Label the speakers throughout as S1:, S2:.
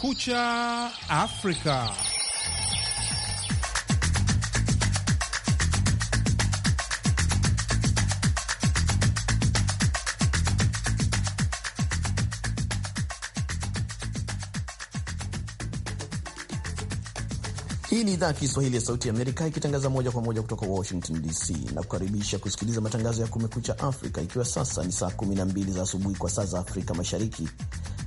S1: Kumekucha Afrika.
S2: Hii ni idhaa ya Kiswahili ya Sauti ya Amerika ikitangaza moja kwa moja kutoka Washington DC na kukaribisha kusikiliza matangazo ya Kumekucha Afrika, ikiwa sasa ni saa 12 za asubuhi kwa saa za Afrika Mashariki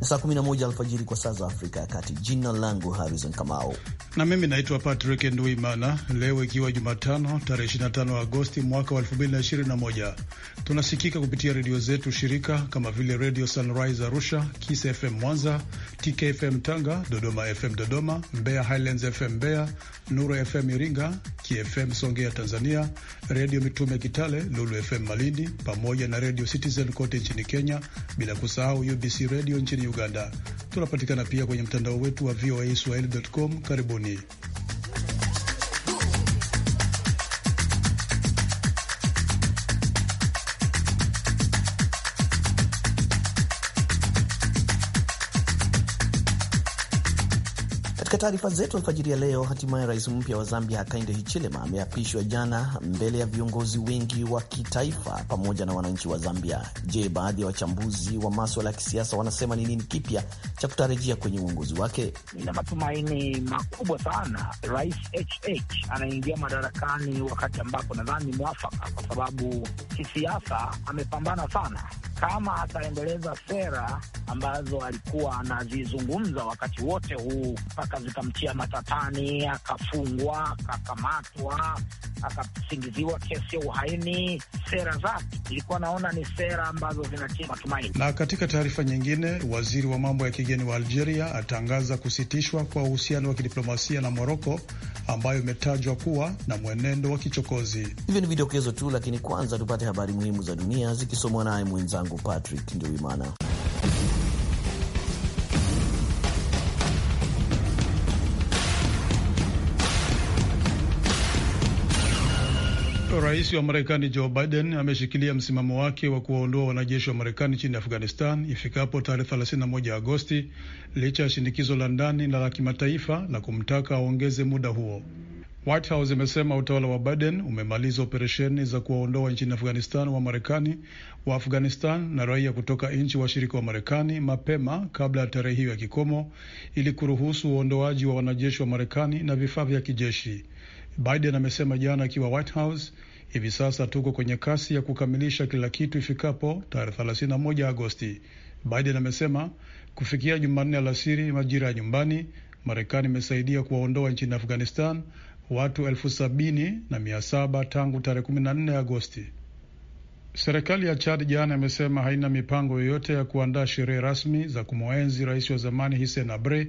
S2: saa 11 alfajiri kwa saa za Afrika ya Kati. Jina langu Harrison Kamau
S3: na mimi naitwa Patrick Nduimana. Leo ikiwa Jumatano tarehe 25 Agosti mwaka wa 2021, tunasikika kupitia redio zetu shirika kama vile Radio Sunrise Arusha, Kiss FM Mwanza, TK FM Tanga, Dodoma FM Dodoma, Mbeya Highlands FM Mbeya, Nuru FM Iringa, KFM Songea Tanzania, Redio Mitume Kitale, Lulu FM Malindi pamoja na Redio Citizen kote nchini Kenya, bila kusahau UBC Redio nchini Uganda. Tunapatikana pia kwenye mtandao wetu wa VOA Swahili.com. Karibuni.
S2: taarifa zetu alfajiri ya leo, hatimaye rais mpya wa Zambia Hakainde Hichilema ameapishwa jana mbele ya viongozi wengi wa kitaifa pamoja na wananchi wa Zambia. Je, baadhi ya wachambuzi wa, wa maswala ya kisiasa wanasema ni nini kipya cha kutarajia kwenye uongozi wake? Nina
S4: matumaini makubwa sana rais HH anaingia madarakani wakati ambapo nadhani mwafaka, kwa sababu kisiasa amepambana sana kama ataendeleza sera ambazo alikuwa anazizungumza wakati wote huu mpaka zikamtia matatani, akafungwa, akakamatwa, akasingiziwa kesi ya uhaini. Sera zake ilikuwa naona ni sera ambazo zinatia matumaini.
S3: Na katika taarifa nyingine, waziri wa mambo ya kigeni wa Algeria atangaza kusitishwa kwa uhusiano wa kidiplomasia na Moroko ambayo imetajwa kuwa na mwenendo wa kichokozi.
S2: Hivyo ni vidokezo tu, lakini kwanza tupate habari muhimu za dunia zikisomwa naye mwenzangu Patrick nduimana
S3: Rais wa Marekani Joe Biden ameshikilia msimamo wake wa kuwaondoa wanajeshi wa Marekani nchini Afghanistan ifikapo tarehe 31 Agosti licha ya shinikizo la ndani na la kimataifa la kumtaka aongeze muda huo. White House imesema utawala wa Biden umemaliza operesheni za kuwaondoa nchini Afghanistan wa Marekani wa Afghanistan na raia kutoka nchi washirika wa Marekani mapema kabla ya tarehe hiyo ya kikomo ili kuruhusu uondoaji wa wanajeshi wa Marekani na vifaa vya kijeshi. Biden amesema jana akiwa White House, hivi sasa tuko kwenye kasi ya kukamilisha kila kitu ifikapo tarehe 31 Agosti. Biden amesema kufikia Jumanne alasiri majira ya nyumbani, Marekani imesaidia kuwaondoa nchini Afghanistan watu elfu sabini na mia saba tangu tarehe 14 Agosti. Serikali ya Chad jana imesema haina mipango yoyote ya kuandaa sherehe rasmi za kumwenzi rais wa zamani Hisen Abre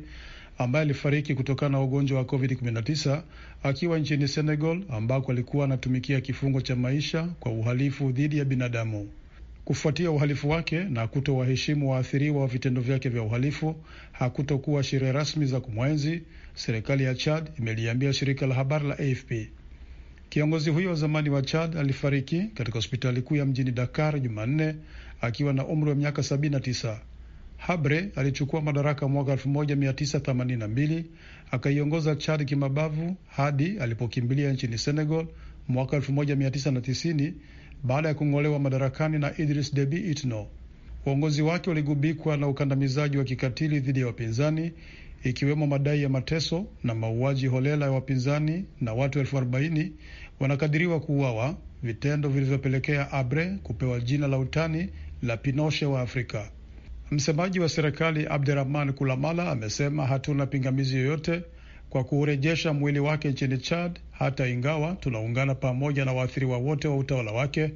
S3: ambaye alifariki kutokana na ugonjwa wa COVID-19 akiwa nchini Senegal ambako alikuwa anatumikia kifungo cha maisha kwa uhalifu dhidi ya binadamu. Kufuatia uhalifu wake na kutowaheshimu waathiriwa wa vitendo vyake vya uhalifu, hakutokuwa sherehe rasmi za kumwenzi, serikali ya Chad imeliambia shirika la habari la AFP. Kiongozi huyo wa zamani wa Chad alifariki katika hospitali kuu ya mjini Dakar Jumanne akiwa na umri wa miaka 79. Habre alichukua madaraka mwaka 1982 akaiongoza Chad kimabavu hadi alipokimbilia nchini Senegal mwaka 1990 baada ya kung'olewa madarakani na Idris Deby Itno. Uongozi wake uligubikwa na ukandamizaji wa kikatili dhidi ya wapinzani ikiwemo madai ya mateso na mauaji holela ya wapinzani na watu elfu arobaini wanakadiriwa kuuawa, vitendo vilivyopelekea Abre kupewa jina la utani la pinoshe wa Afrika. Msemaji wa serikali abdurahman Kulamala amesema hatuna pingamizi yoyote kwa kurejesha mwili wake nchini Chad, hata ingawa tunaungana pamoja na waathiriwa wote wa utawala wake,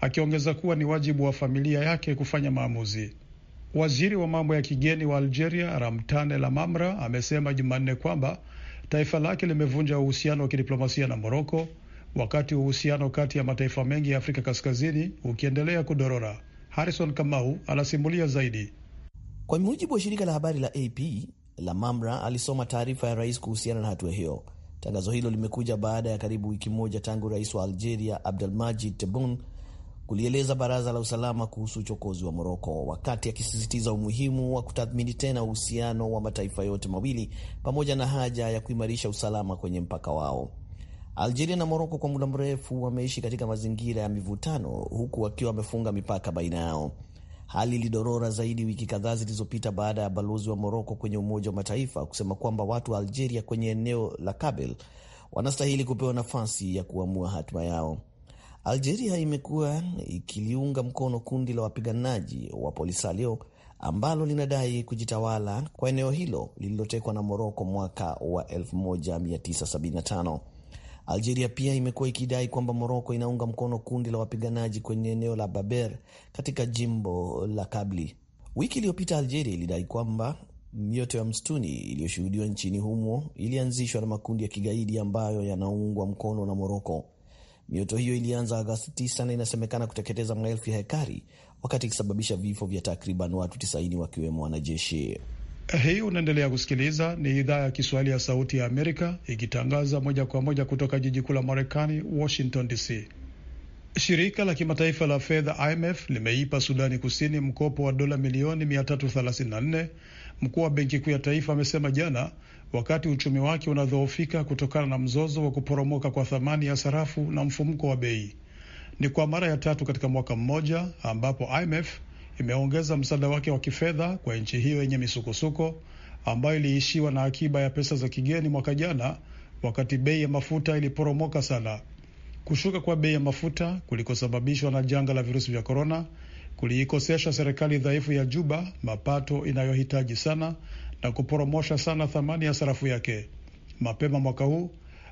S3: akiongeza kuwa ni wajibu wa familia yake kufanya maamuzi. Waziri wa mambo ya kigeni wa Algeria Ramtane Lamamra amesema Jumanne kwamba taifa lake limevunja uhusiano wa kidiplomasia na Moroko wakati uhusiano kati ya mataifa mengi ya Afrika Kaskazini ukiendelea kudorora. Harrison Kamau anasimulia zaidi.
S2: Kwa mujibu wa shirika la habari la AP, Lamamra alisoma taarifa ya rais kuhusiana na hatua hiyo. Tangazo hilo limekuja baada ya karibu wiki moja tangu rais wa Algeria Abdelmadjid Tebboune kulieleza baraza la usalama kuhusu uchokozi wa Moroko, wakati akisisitiza umuhimu wa kutathmini tena uhusiano wa mataifa yote mawili pamoja na haja ya kuimarisha usalama kwenye mpaka wao. Algeria na Moroko kwa muda mrefu wameishi katika mazingira ya mivutano, huku wakiwa wamefunga mipaka baina yao. Hali ilidorora zaidi wiki kadhaa zilizopita baada ya balozi wa Moroko kwenye Umoja wa Mataifa kusema kwamba watu wa Algeria kwenye eneo la Kabel wanastahili kupewa nafasi ya kuamua hatima yao. Algeria imekuwa ikiliunga mkono kundi la wapiganaji wa Polisario ambalo linadai kujitawala kwa eneo hilo lililotekwa na Moroko mwaka wa 1975. Algeria pia imekuwa ikidai kwamba Moroko inaunga mkono kundi la wapiganaji kwenye eneo la baber katika jimbo la Kabli. Wiki iliyopita Algeria ilidai kwamba mioto ya msituni iliyoshuhudiwa nchini humo ilianzishwa na makundi ya kigaidi ambayo yanaungwa mkono na Moroko. Mioto hiyo ilianza Agasti 9 na inasemekana kuteketeza maelfu ya hekari, wakati ikisababisha vifo vya takriban watu 90 wakiwemo wanajeshi.
S3: Hii unaendelea kusikiliza ni idhaa ya Kiswahili ya Sauti ya Amerika ikitangaza moja kwa moja kutoka jiji kuu la Marekani, Washington DC. Shirika la kimataifa la fedha IMF limeipa Sudani Kusini mkopo wa dola milioni 334, mkuu wa benki kuu ya taifa amesema jana, wakati uchumi wake unadhoofika kutokana na mzozo wa kuporomoka kwa thamani ya sarafu na mfumuko wa bei. Ni kwa mara ya tatu katika mwaka mmoja ambapo IMF imeongeza msaada wake wa kifedha kwa nchi hiyo yenye misukosuko ambayo iliishiwa na akiba ya pesa za kigeni mwaka jana wakati bei ya mafuta iliporomoka sana. Kushuka kwa bei ya mafuta kulikosababishwa na janga la virusi vya korona kuliikosesha serikali dhaifu ya Juba mapato inayohitaji sana na kuporomosha sana thamani ya sarafu yake. Mapema mwaka huu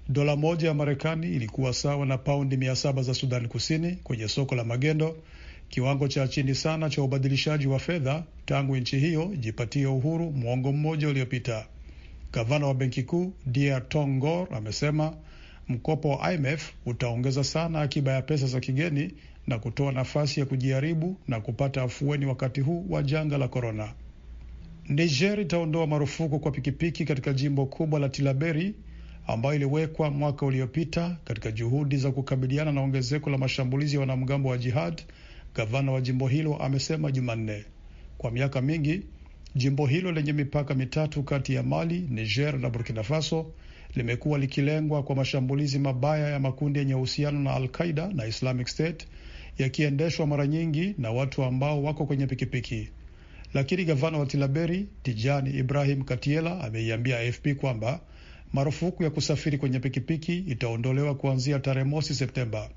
S3: dola moja ya Marekani ilikuwa sawa na paundi mia saba za Sudani Kusini kwenye soko la magendo, kiwango cha chini sana cha ubadilishaji wa fedha tangu nchi hiyo ijipatie uhuru mwongo mmoja uliopita. Gavana wa benki kuu Dr Tongor amesema mkopo wa IMF utaongeza sana akiba ya pesa za kigeni na kutoa nafasi ya kujiharibu na kupata afueni wakati huu wa janga la korona. Niger itaondoa marufuku kwa pikipiki katika jimbo kubwa la Tilaberi ambayo iliwekwa mwaka uliopita katika juhudi za kukabiliana na ongezeko la mashambulizi ya wanamgambo wa jihad gavana wa jimbo hilo amesema Jumanne. Kwa miaka mingi jimbo hilo lenye mipaka mitatu kati ya Mali, Niger na Burkina Faso limekuwa likilengwa kwa mashambulizi mabaya ya makundi yenye uhusiano na Al-Qaida na Islamic State yakiendeshwa mara nyingi na watu ambao wako kwenye pikipiki. Lakini gavana wa Tilaberi Tijani Ibrahim Katiela ameiambia AFP kwamba marufuku ya kusafiri kwenye pikipiki itaondolewa kuanzia tarehe mosi Septemba.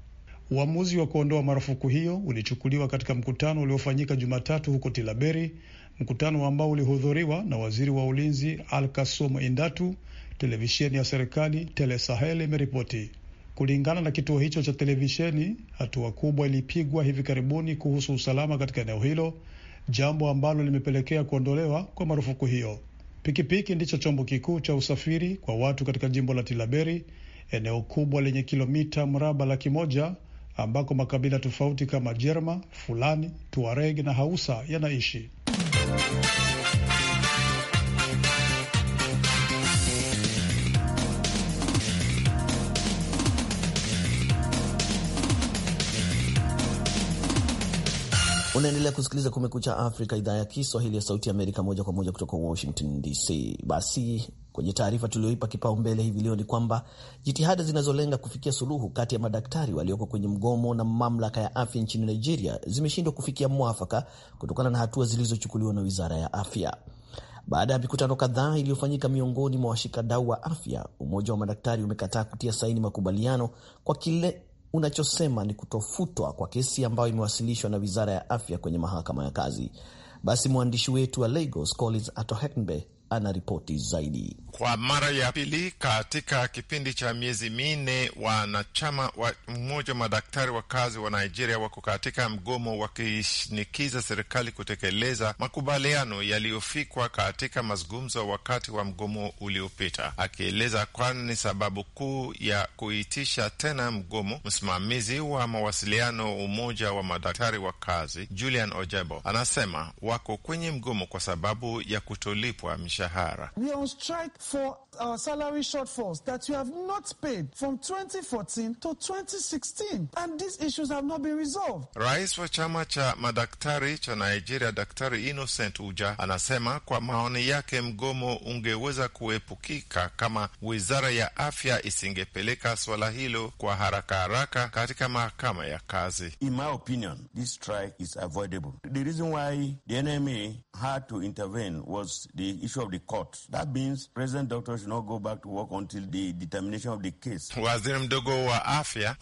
S3: Uamuzi wa kuondoa marufuku hiyo ulichukuliwa katika mkutano uliofanyika Jumatatu huko Tilaberi, mkutano ambao ulihudhuriwa na waziri wa ulinzi Al Kasum Indatu, televisheni ya serikali Telesahel imeripoti. Kulingana na kituo hicho cha televisheni, hatua kubwa ilipigwa hivi karibuni kuhusu usalama katika eneo hilo, jambo ambalo limepelekea kuondolewa kwa marufuku hiyo. Pikipiki ndicho chombo kikuu cha usafiri kwa watu katika jimbo la Tilaberi, eneo kubwa lenye kilomita mraba laki moja ambako makabila tofauti kama Jerma, Fulani, Tuareg na Hausa yanaishi.
S2: Unaendelea kusikiliza Kumekucha Afrika, idhaa ya Kiswahili ya Sauti ya Amerika, moja kwa moja kutoka Washington DC. Basi Kwenye taarifa tuliyoipa kipaumbele hivi leo ni kwamba jitihada zinazolenga kufikia suluhu kati ya madaktari walioko kwenye mgomo na mamlaka ya afya nchini Nigeria zimeshindwa kufikia mwafaka kutokana na hatua zilizochukuliwa na wizara ya afya. Baada ya mikutano kadhaa iliyofanyika miongoni mwa washikadau wa afya, umoja wa madaktari umekataa kutia saini makubaliano kwa kile unachosema ni kutofutwa kwa kesi ambayo imewasilishwa na wizara ya afya kwenye mahakama ya kazi. Basi mwandishi wetu wa Lagos Collins Ato anaripoti zaidi.
S5: Kwa mara ya pili katika kipindi cha miezi minne, wanachama wa mmoja wa madaktari wa kazi wa Nigeria wako katika mgomo wakishinikiza serikali kutekeleza makubaliano yaliyofikwa katika mazungumzo wakati wa mgomo uliopita. Akieleza kwani sababu kuu ya kuitisha tena mgomo, msimamizi wa mawasiliano umoja wa madaktari wa kazi Julian Ojebo anasema wako kwenye mgomo kwa sababu ya kutolipwa mishahara.
S3: We for our uh, salary shortfalls that you have not paid from 2014 to 2016, and these issues have not been resolved.
S5: Rais wa chama cha madaktari cha Nigeria, Daktari Innocent Uja, anasema kwa maoni yake mgomo ungeweza kuepukika kama wizara ya afya isingepeleka swala hilo kwa haraka haraka katika mahakama ya kazi. In my opinion, this strike is avoidable. The reason why the NMA had to intervene was the issue of the court. That means president doctor should not go back to work until the determination of the case. Waziri mdogo wa afya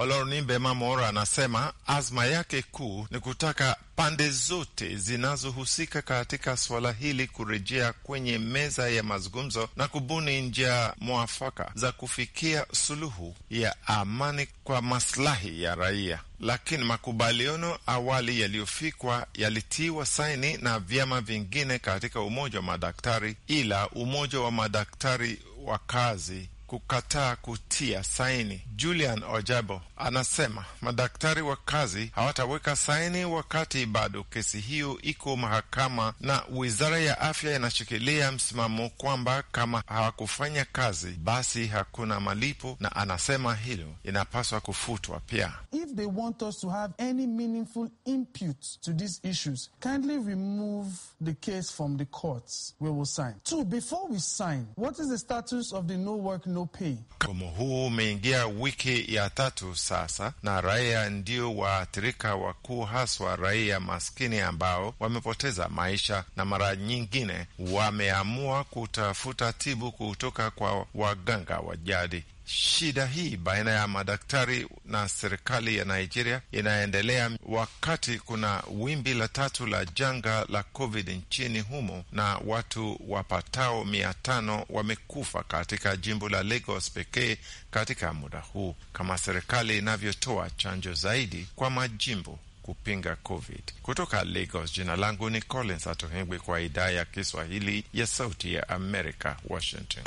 S5: Mamora anasema azma yake kuu ni kutaka pande zote zinazohusika katika suala hili kurejea kwenye meza ya mazungumzo na kubuni njia mwafaka za kufikia suluhu ya amani kwa maslahi ya raia. Lakini makubaliano awali yaliyofikwa yalitiwa saini na vyama vingine katika umoja wa madaktari, ila umoja wa madaktari wa kazi kukataa kutia saini. Julian Ojabo anasema madaktari wa kazi hawataweka saini wakati bado kesi hiyo iko mahakama, na wizara ya afya inashikilia msimamo kwamba kama hawakufanya kazi basi hakuna malipo, na anasema hilo inapaswa kufutwa pia.
S3: If they want us to have any meaningful input to these issues, kindly remove the case from the courts. We will sign. Two, before we sign, what is the status of the no work no
S5: Mgomo huu umeingia wiki ya tatu sasa, na raia ndio waathirika wakuu, haswa raia maskini ambao wamepoteza maisha na mara nyingine wameamua kutafuta tibu kutoka kwa waganga wa jadi. Shida hii baina ya madaktari na serikali ya Nigeria inaendelea wakati kuna wimbi la tatu la janga la COVID nchini humo, na watu wapatao mia tano wamekufa katika jimbo la Lagos pekee katika muda huu, kama serikali inavyotoa chanjo zaidi kwa majimbo kupinga COVID. Kutoka Lagos, jina langu ni Collins Atohengwi kwa idhaa ya Kiswahili ya Sauti ya Amerika, Washington.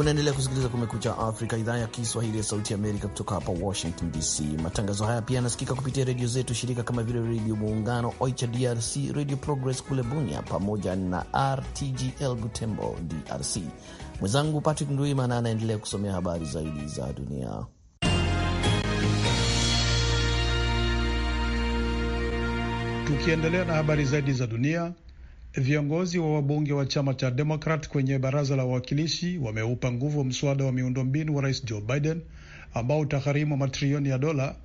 S2: Unaendelea kusikiliza Kumekucha Afrika, idhaa ya Kiswahili ya Sauti Amerika kutoka hapa Washington DC. Matangazo haya pia yanasikika kupitia redio zetu shirika kama vile Redio Muungano Oicha DRC, Redio Progress kule Bunia, pamoja na RTGL Butembo DRC. Mwenzangu Patrick ndwimana anaendelea kusomea habari zaidi za dunia.
S3: Tukiendelea na habari zaidi za dunia, viongozi wa wabunge wa chama cha Demokrat kwenye baraza la wawakilishi wameupa nguvu mswada wa miundombinu wa rais Joe Biden ambao utagharimu matrilioni ya dola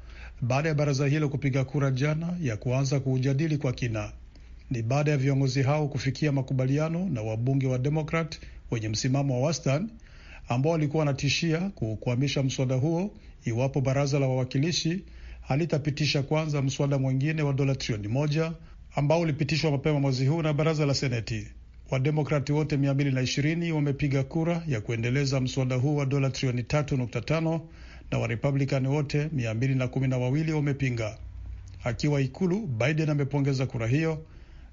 S3: baada ya baraza hilo kupiga kura jana ya kuanza kuujadili kwa kina. Ni baada ya viongozi hao kufikia makubaliano na wabunge wa Demokrat wenye msimamo wa wastani ambao walikuwa wanatishia kuukwamisha mswada huo iwapo baraza la wawakilishi halitapitisha kwanza mswada mwingine wa dola trilioni moja ambao ulipitishwa mapema mwezi huu na baraza la Seneti. Wademokrati wote 220 wamepiga kura ya kuendeleza mswada huu wa dola trilioni 3.5 na Warepublikani wote 212 wamepinga. Akiwa Ikulu, Biden amepongeza kura hiyo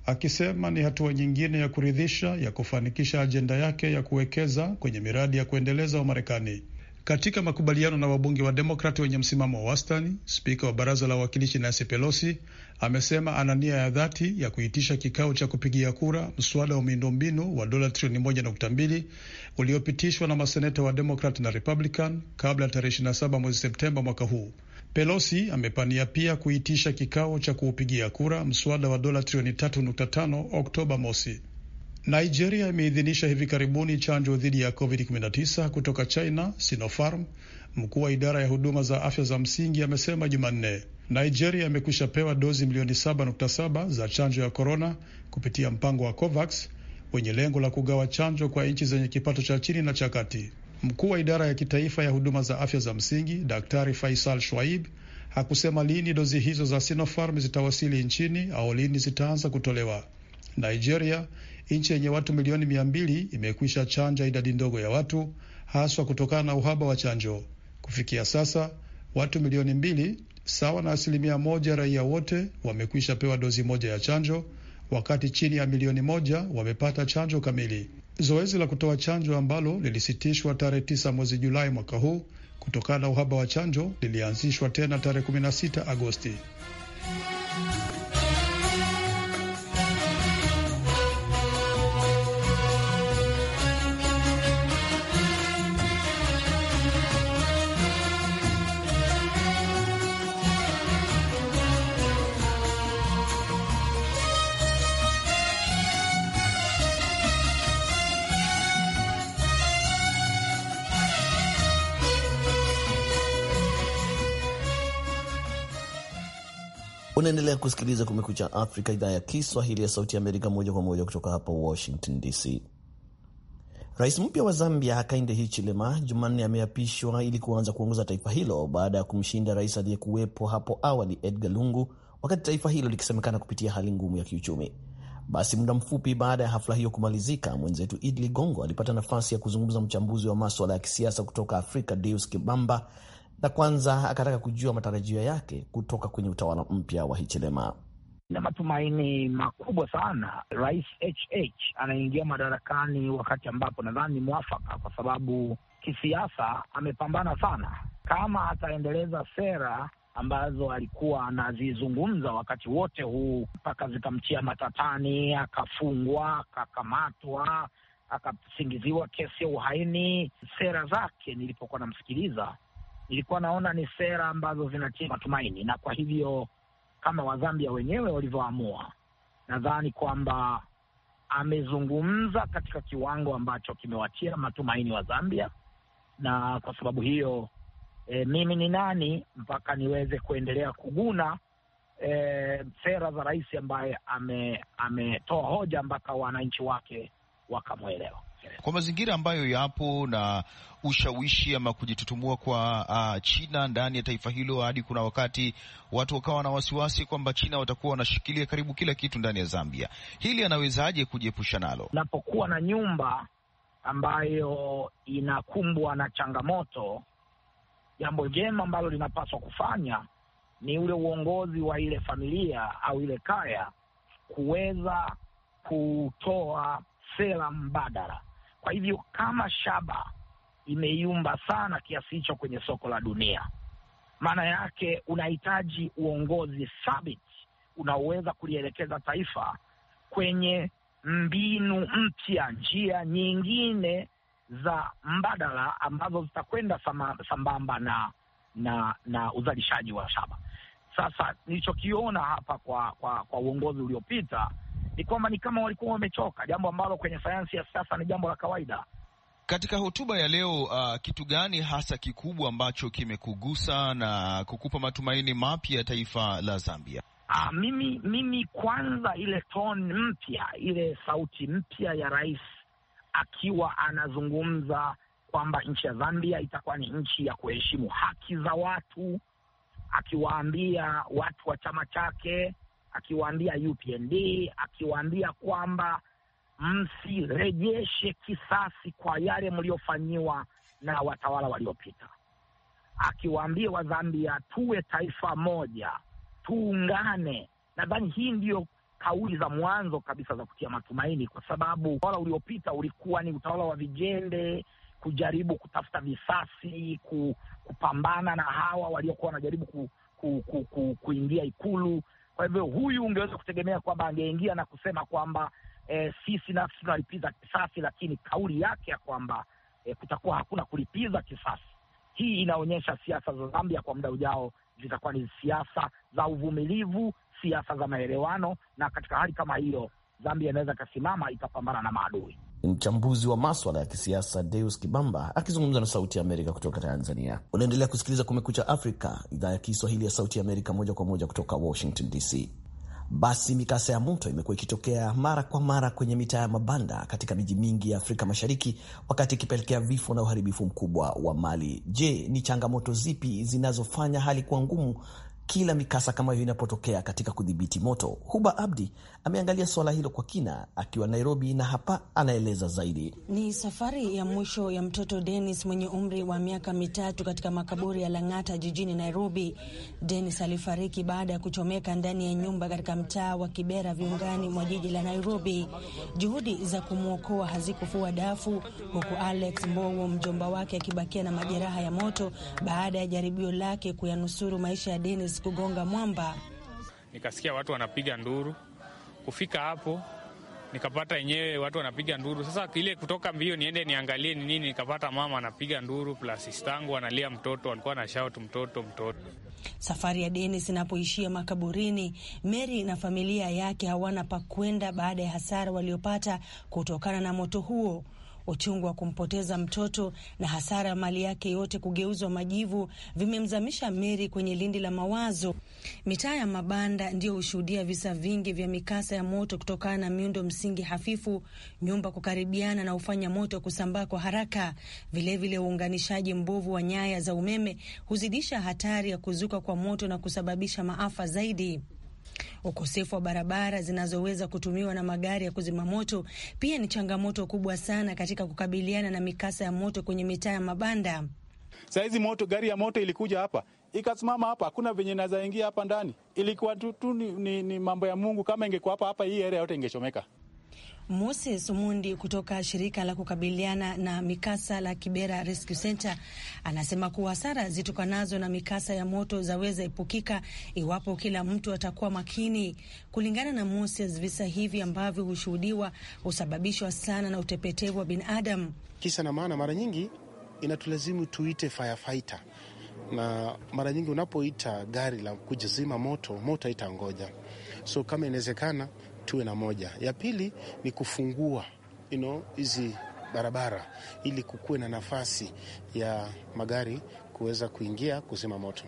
S3: akisema ni hatua nyingine ya kuridhisha ya kufanikisha ajenda yake ya kuwekeza kwenye miradi ya kuendeleza Wamarekani katika makubaliano na wabunge wa Demokrati wenye msimamo wa wastani. Spika wa baraza la wawakilishi Nancy Pelosi amesema ana nia ya dhati ya kuitisha kikao cha kupigia kura mswada wa miundombinu wa dola trilioni moja nukta mbili uliopitishwa na maseneta wa Demokrati na Republican kabla ya tarehe 27 mwezi Septemba mwaka huu. Pelosi amepania pia kuitisha kikao cha kuupigia kura mswada wa dola trilioni tano Oktoba mosi. Nigeria imeidhinisha hivi karibuni chanjo dhidi ya COVID-19 kutoka China, Sinopharm. Mkuu wa idara ya huduma za afya za msingi amesema Jumanne Nigeria imekwisha pewa dozi milioni 7.7 za chanjo ya korona kupitia mpango wa COVAX wenye lengo la kugawa chanjo kwa nchi zenye kipato cha chini na cha kati. Mkuu wa idara ya kitaifa ya huduma za afya za msingi Daktari Faisal Shwaib hakusema lini dozi hizo za Sinopharm zitawasili nchini au lini zitaanza kutolewa. Nigeria, nchi yenye watu milioni mia mbili, imekwisha chanja idadi ndogo ya watu, haswa kutokana na uhaba wa chanjo. Kufikia sasa watu milioni mbili sawa na asilimia moja raia wote wamekwisha pewa dozi moja ya chanjo, wakati chini ya milioni moja wamepata chanjo kamili. Zoezi la kutoa chanjo ambalo lilisitishwa tarehe tisa mwezi Julai mwaka huu kutokana na uhaba wa chanjo lilianzishwa tena tarehe 16 Agosti.
S2: Unaendelea kusikiliza Kumekucha Afrika, idhaa ya Kiswahili ya Sauti ya Amerika, moja kwa moja kutoka hapa Washington DC. Rais mpya wa Zambia Hakainde Hichilema Jumanne ameapishwa ili kuanza kuongoza taifa hilo baada ya kumshinda rais aliyekuwepo hapo awali Edgar Lungu, wakati taifa hilo likisemekana kupitia hali ngumu ya kiuchumi. Basi muda mfupi baada ya hafla hiyo kumalizika, mwenzetu Idli Gongo alipata nafasi ya kuzungumza mchambuzi wa maswala ya kisiasa kutoka Afrika Deus Kibamba na kwanza akataka kujua matarajio yake kutoka kwenye utawala mpya wa Hichilema.
S4: Na matumaini makubwa sana. Rais HH anaingia madarakani wakati ambapo nadhani mwafaka, kwa sababu kisiasa amepambana sana. Kama ataendeleza sera ambazo alikuwa anazizungumza wakati wote huu mpaka zikamtia matatani, akafungwa, akakamatwa, akasingiziwa kesi ya uhaini, sera zake nilipokuwa namsikiliza nilikuwa naona ni sera ambazo zinatia matumaini, na kwa hivyo kama Wazambia wenyewe walivyoamua, nadhani kwamba amezungumza katika kiwango ambacho kimewatia matumaini wa zambia na kwa sababu hiyo e, mimi ni nani mpaka niweze kuendelea kuguna e, sera za rais ambaye ametoa ame hoja mpaka wananchi wake wakamwelewa
S6: kwa mazingira ambayo yapo
S2: na ushawishi ama kujitutumua kwa uh, China ndani ya taifa hilo, hadi kuna wakati watu wakawa na wasiwasi kwamba China watakuwa wanashikilia karibu kila kitu ndani ya Zambia. Hili anawezaje kujiepusha
S4: nalo? Unapokuwa na nyumba ambayo inakumbwa na changamoto, jambo jema ambalo linapaswa kufanya ni ule uongozi wa ile familia au ile kaya kuweza kutoa sera mbadala kwa hivyo kama shaba imeyumba sana kiasi hicho kwenye soko la dunia, maana yake unahitaji uongozi thabiti unaoweza kulielekeza taifa kwenye mbinu mpya, njia nyingine za mbadala ambazo zitakwenda sambamba na na na uzalishaji wa shaba. Sasa nilichokiona hapa kwa kwa, kwa uongozi uliopita ni kwamba ni kama walikuwa wamechoka, jambo ambalo kwenye sayansi ya sasa ni jambo la kawaida. Katika hotuba
S2: ya leo uh, kitu gani hasa kikubwa ambacho kimekugusa na kukupa matumaini mapya ya taifa la Zambia?
S4: Uh, mimi mimi kwanza ile tone mpya, ile sauti mpya ya rais akiwa anazungumza kwamba nchi ya Zambia itakuwa ni nchi ya kuheshimu haki za watu, akiwaambia watu wa chama chake akiwaambia UPND, akiwaambia kwamba msirejeshe kisasi kwa yale mliofanyiwa na watawala waliopita, akiwaambia Wazambia tuwe taifa moja, tuungane. Nadhani hii ndiyo kauli za mwanzo kabisa za kutia matumaini, kwa sababu utawala uliopita ulikuwa ni utawala wa vijende kujaribu kutafuta visasi, kupambana na hawa waliokuwa wanajaribu ku, ku, ku, ku, kuingia Ikulu kwa hivyo huyu ungeweza kutegemea kwamba angeingia na kusema kwamba e, sisi nafsi tunalipiza kisasi, lakini kauli yake ya kwamba e, kutakuwa hakuna kulipiza kisasi, hii inaonyesha siasa za Zambia kwa muda ujao zitakuwa ni siasa za uvumilivu, siasa za maelewano, na katika hali kama hiyo Zambia inaweza ikasimama ikapambana na maadui
S2: mchambuzi wa maswala ya kisiasa Deus Kibamba akizungumza na Sauti ya Amerika kutoka Tanzania. Unaendelea kusikiliza Kumekucha Afrika, idhaa ya Kiswahili ya Sauti ya Amerika, moja kwa moja kutoka Washington DC. Basi mikasa ya moto imekuwa ikitokea mara kwa mara kwenye mitaa ya mabanda katika miji mingi ya Afrika Mashariki, wakati ikipelekea vifo na uharibifu mkubwa wa mali. Je, ni changamoto zipi zinazofanya hali kuwa ngumu kila mikasa kama hiyo inapotokea katika kudhibiti moto. Huba Abdi ameangalia suala hilo kwa kina akiwa Nairobi, na hapa anaeleza zaidi.
S7: Ni safari ya mwisho ya mtoto Dennis mwenye umri wa miaka mitatu katika makaburi ya Lang'ata jijini Nairobi. Dennis alifariki baada ya kuchomeka ndani ya nyumba katika mtaa wa Kibera, viungani mwa jiji la Nairobi. Juhudi za kumwokoa hazikufua dafu, huku Alex Mbowo mjomba wake akibakia na majeraha ya moto baada ya jaribio lake kuyanusuru maisha ya Dennis Alhamis kugonga mwamba.
S1: Nikasikia watu wanapiga nduru, kufika hapo nikapata yenyewe watu wanapiga nduru. Sasa ile kutoka mbio niende niangalie ni nini, nikapata mama anapiga nduru, plus sistangu analia mtoto, alikuwa na shout mtoto, mtoto.
S7: Safari ya deni inapoishia makaburini, Mary na familia yake hawana pa kwenda baada ya hasara waliopata kutokana na moto huo. Uchungu wa kumpoteza mtoto na hasara ya mali yake yote kugeuzwa majivu vimemzamisha Meri kwenye lindi la mawazo. Mitaa ya mabanda ndiyo hushuhudia visa vingi vya mikasa ya moto kutokana na miundo msingi hafifu, nyumba kukaribiana na hufanya moto kusambaa kwa haraka. Vilevile, uunganishaji mbovu wa nyaya za umeme huzidisha hatari ya kuzuka kwa moto na kusababisha maafa zaidi. Ukosefu wa barabara zinazoweza kutumiwa na magari ya kuzima moto pia ni changamoto kubwa sana katika kukabiliana na mikasa ya moto kwenye mitaa ya mabanda.
S3: Sahizi moto gari ya moto ilikuja hapa ikasimama hapa, hakuna venye naweza ingia hapa ndani. Ilikuwa tu ni, ni, ni mambo ya Mungu. Kama ingekuwa hapa hapa, hii area yote ingechomeka.
S7: Moses Mundi kutoka shirika la kukabiliana na mikasa la Kibera Rescue Center anasema kuwa hasara zitokanazo na mikasa ya moto zaweza epukika iwapo kila mtu atakuwa makini. Kulingana na Moses, visa hivi ambavyo hushuhudiwa husababishwa sana na utepetevu wa binadamu. Kisa na maana, mara nyingi inatulazimu tuite firefighter
S3: na mara nyingi unapoita gari la kujizima moto, moto haita ngoja. So kama inawezekana, tuwe na moja. Ya pili ni kufungua you know, hizi barabara ili kukuwe na nafasi ya magari kuweza kuingia kuzima moto.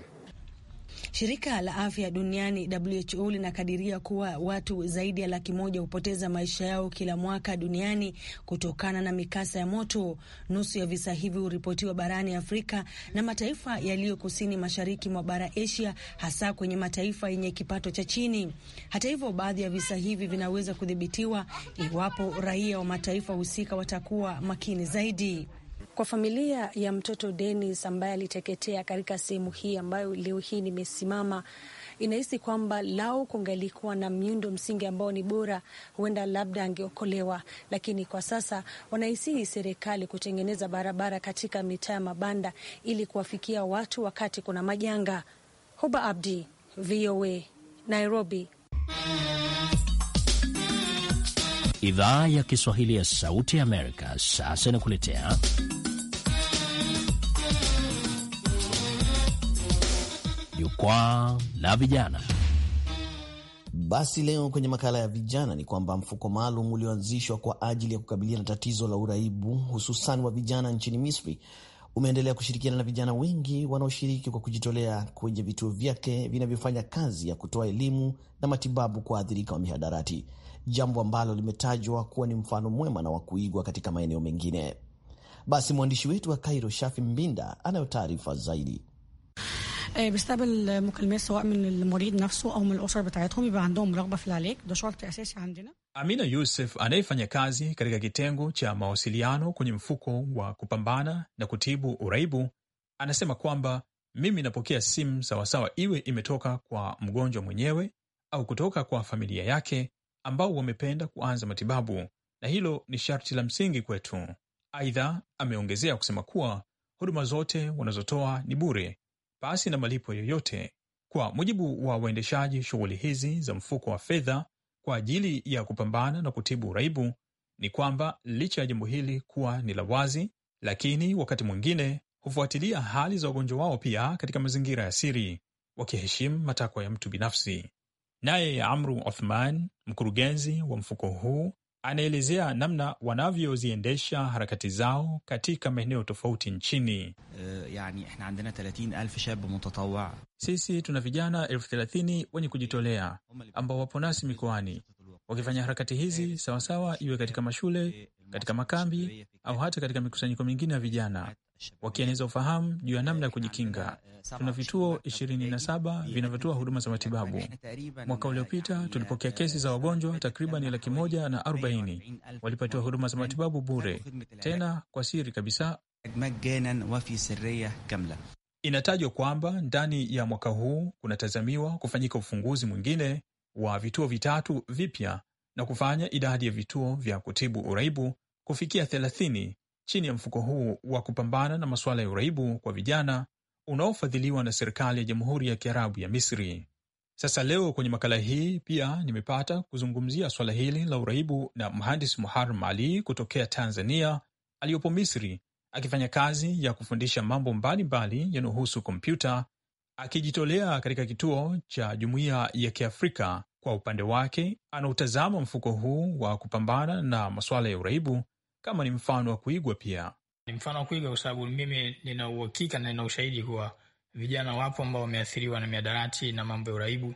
S7: Shirika la afya duniani WHO linakadiria kuwa watu zaidi ya laki moja hupoteza maisha yao kila mwaka duniani kutokana na mikasa ya moto. Nusu ya visa hivi huripotiwa barani Afrika na mataifa yaliyo kusini mashariki mwa bara Asia, hasa kwenye mataifa yenye kipato cha chini. Hata hivyo, baadhi ya visa hivi vinaweza kudhibitiwa iwapo raia wa mataifa husika watakuwa makini zaidi. Kwa familia ya mtoto denis ambaye aliteketea katika sehemu hii ambayo leo hii nimesimama, inahisi kwamba lau kungalikuwa na miundo msingi ambao ni bora, huenda labda angeokolewa, lakini kwa sasa wanahisii serikali kutengeneza barabara katika mitaa ya mabanda ili kuwafikia watu wakati kuna majanga. Hoba Abdi, VOA, Nairobi.
S1: Idhaa ya Kiswahili ya Sauti ya Amerika sasa inakuletea jukwaa
S2: la vijana. Basi leo kwenye makala ya vijana ni kwamba mfuko maalum ulioanzishwa kwa ajili ya kukabiliana na tatizo la uraibu hususan wa vijana nchini Misri umeendelea kushirikiana na vijana wengi wanaoshiriki kwa kujitolea kwenye vituo vyake vinavyofanya kazi ya kutoa elimu na matibabu kwa waathirika wa mihadarati jambo ambalo limetajwa kuwa ni mfano mwema na wa kuigwa katika maeneo mengine. Basi mwandishi wetu wa Kairo, Shafi Mbinda, anayo taarifa zaidi.
S1: Amina eh, Yusuf anayefanya kazi katika kitengo cha mawasiliano kwenye mfuko wa kupambana na kutibu uraibu anasema kwamba mimi napokea simu sawasawa, iwe imetoka kwa mgonjwa mwenyewe au kutoka kwa familia yake ambao wamependa kuanza matibabu na hilo ni sharti la msingi kwetu. Aidha, ameongezea kusema kuwa huduma zote wanazotoa ni bure pasi na malipo yoyote. Kwa mujibu wa waendeshaji shughuli hizi za mfuko wa fedha kwa ajili ya kupambana na kutibu uraibu, ni kwamba licha ya jambo hili kuwa ni la wazi, lakini wakati mwingine hufuatilia hali za wagonjwa wao pia katika mazingira ya siri, wakiheshimu matakwa ya mtu binafsi. Naye Amru Othman, mkurugenzi wa mfuko huu, anaelezea namna wanavyoziendesha harakati zao katika maeneo tofauti nchini. Uh, sisi tuna vijana elfu thelathini wenye kujitolea ambao wapo nasi mikoani wakifanya harakati hizi sawasawa, iwe katika mashule, katika makambi au hata katika mikusanyiko mingine ya vijana wakieneza ufahamu juu ya namna ya kujikinga. Tuna vituo 27 vinavyotoa huduma za matibabu. Mwaka uliopita tulipokea kesi za wagonjwa takriban laki moja na arobaini walipatiwa huduma za matibabu bure, tena kwa siri kabisa. Inatajwa kwamba ndani ya mwaka huu kunatazamiwa kufanyika ufunguzi mwingine wa vituo vitatu vipya na kufanya idadi ya vituo vya kutibu uraibu kufikia thelathini chini ya mfuko huu wa kupambana na masuala ya uraibu kwa vijana unaofadhiliwa na serikali ya Jamhuri ya Kiarabu ya Misri. Sasa leo kwenye makala hii pia nimepata kuzungumzia swala hili la uraibu na mhandisi Muharram Ali kutokea Tanzania aliyopo Misri akifanya kazi ya kufundisha mambo mbalimbali yanayohusu kompyuta akijitolea katika kituo cha Jumuiya ya Kiafrika. Kwa upande wake, anautazama mfuko huu wa kupambana na masuala ya uraibu kama ni mfano wa kuigwa pia
S6: ni mfano wa kuigwa kwa sababu mimi nina uhakika na nina ushahidi kuwa vijana wapo ambao wameathiriwa na miadarati na mambo ya uraibu,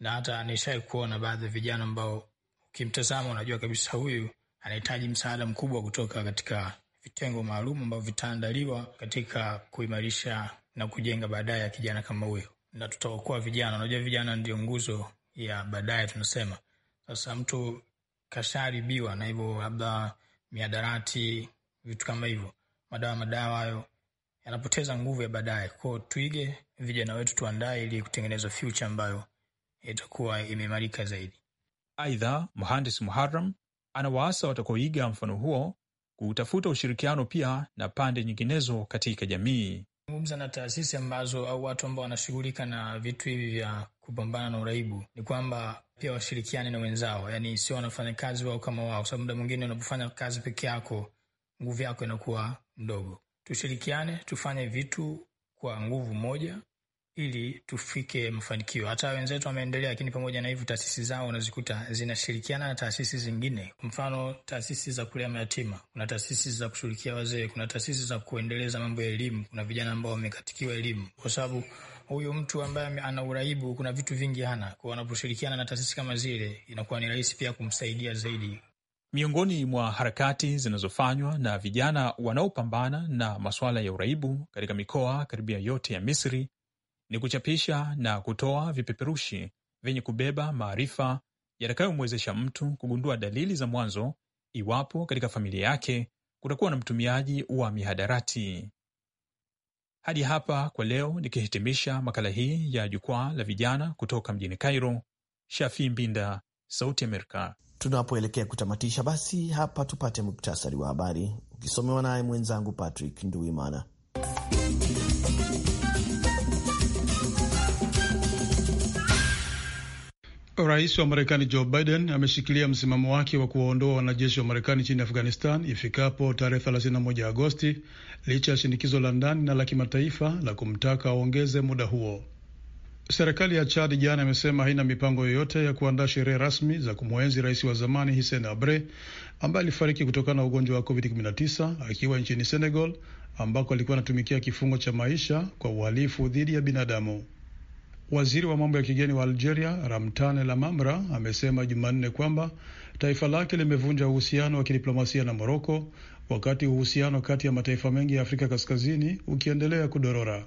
S6: na hata nishai kuona baadhi ya vijana ambao ukimtazama unajua kabisa huyu anahitaji msaada mkubwa kutoka katika vitengo maalum ambavyo vitaandaliwa katika kuimarisha na kujenga baadaye ya kijana kama huyo, na tutaokoa vijana. Unajua vijana ndio nguzo ya baadaye, tunasema sasa. Mtu kasharibiwa na hivyo labda miadarati, vitu kama hivyo, madawa madawa hayo yanapoteza nguvu ya baadaye. Kwa tuige vijana wetu, tuandae ili kutengeneza future ambayo itakuwa imeimarika zaidi. Aidha, Mhandisi muharam
S1: anawaasa watakaoiga mfano huo kutafuta ushirikiano pia na pande nyinginezo katika jamii,
S6: zungumza na taasisi ambazo au watu ambao wanashughulika na vitu hivi vya kupambana na uraibu ni kwamba pia washirikiane na wenzao, yani sio wanafanya kazi wao kama wao, kwa sababu muda mwingine unapofanya kazi peke yako nguvu yako inakuwa mdogo. Tushirikiane, tufanye vitu kwa nguvu moja ili tufike mafanikio. Hata wenzetu wameendelea, lakini pamoja na hivyo taasisi zao unazikuta zinashirikiana na taasisi zingine. Kwa mfano, taasisi za kulea mayatima, kuna taasisi za kushughulikia wazee, kuna taasisi za kuendeleza mambo ya elimu, kuna vijana ambao wamekatikiwa elimu, kwa sababu huyu mtu ambaye ana uraibu, kuna vitu vingi hana, kwa wanaposhirikiana na taasisi kama zile inakuwa ni rahisi pia kumsaidia zaidi. Miongoni mwa harakati zinazofanywa na vijana wanaopambana na
S1: masuala ya uraibu katika mikoa karibia yote ya Misri ni kuchapisha na kutoa vipeperushi vyenye kubeba maarifa yatakayomwezesha mtu kugundua dalili za mwanzo iwapo katika familia yake kutakuwa na mtumiaji wa mihadarati. Hadi hapa kwa leo, nikihitimisha makala hii ya jukwaa la vijana kutoka mjini Cairo. Shafi Mbinda, Sauti Amerika. Tunapoelekea
S2: kutamatisha, basi hapa tupate muktasari wa habari ukisomewa naye mwenzangu Patrick
S3: Nduimana. Rais wa Marekani Joe Biden ameshikilia msimamo wake wa kuwaondoa wanajeshi wa Marekani nchini Afghanistan ifikapo tarehe 31 Agosti licha ya shinikizo la ndani na la kimataifa la kumtaka aongeze muda huo. Serikali ya Chad jana imesema haina mipango yoyote ya kuandaa sherehe rasmi za kumwenzi rais wa zamani Hisen Abre ambaye alifariki kutokana na ugonjwa wa COVID-19 akiwa nchini Senegal ambako alikuwa anatumikia kifungo cha maisha kwa uhalifu dhidi ya binadamu. Waziri wa mambo ya kigeni wa Algeria Ramtane Lamamra amesema Jumanne kwamba taifa lake limevunja uhusiano wa kidiplomasia na Moroko wakati uhusiano kati ya mataifa mengi ya Afrika Kaskazini ukiendelea kudorora.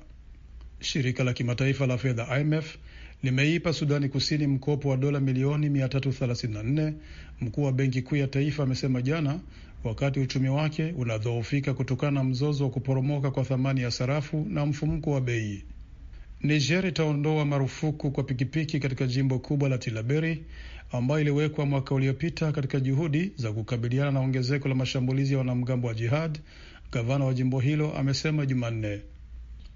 S3: Shirika la kimataifa la fedha IMF limeipa Sudani Kusini mkopo wa dola milioni 334, mkuu wa benki kuu ya taifa amesema jana, wakati uchumi wake unadhoofika kutokana na mzozo wa kuporomoka kwa thamani ya sarafu na mfumuko wa bei. Niger itaondoa marufuku kwa pikipiki katika jimbo kubwa la Tilaberi ambayo iliwekwa mwaka uliopita katika juhudi za kukabiliana na ongezeko la mashambulizi ya wanamgambo wa jihad, gavana wa jimbo hilo amesema Jumanne.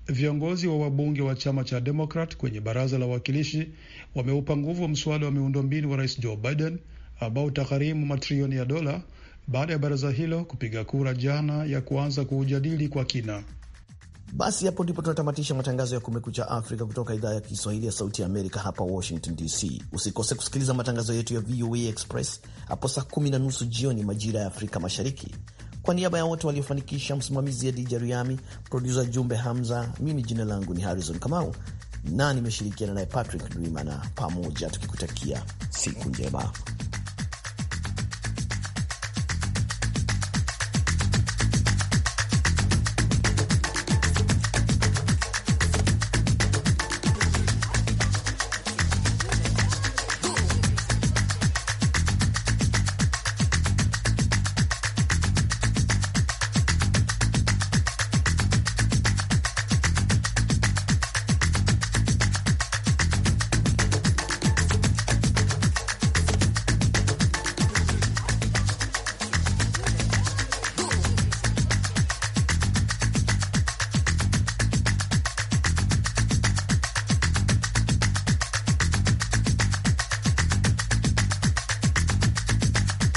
S3: Viongozi wa wabunge wa chama cha Demokrat kwenye baraza la wawakilishi wameupa nguvu mswada wa miundombinu wa rais Joe Biden ambao utagharimu matrilioni ya dola baada ya baraza hilo kupiga kura jana ya kuanza kuujadili kwa kina. Basi hapo ndipo tunatamatisha matangazo ya Kumekucha Afrika kutoka idhaa ya Kiswahili ya Sauti
S2: ya Amerika hapa Washington DC. Usikose kusikiliza matangazo yetu ya VOA Express hapo saa kumi na nusu jioni majira ya Afrika Mashariki. Kwa niaba ya wote waliofanikisha, msimamizi Adija Riami, produsa Jumbe Hamza, mimi jina langu ni Harrison Kamau na nimeshirikiana naye Patrick Dwimana, pamoja tukikutakia siku njema.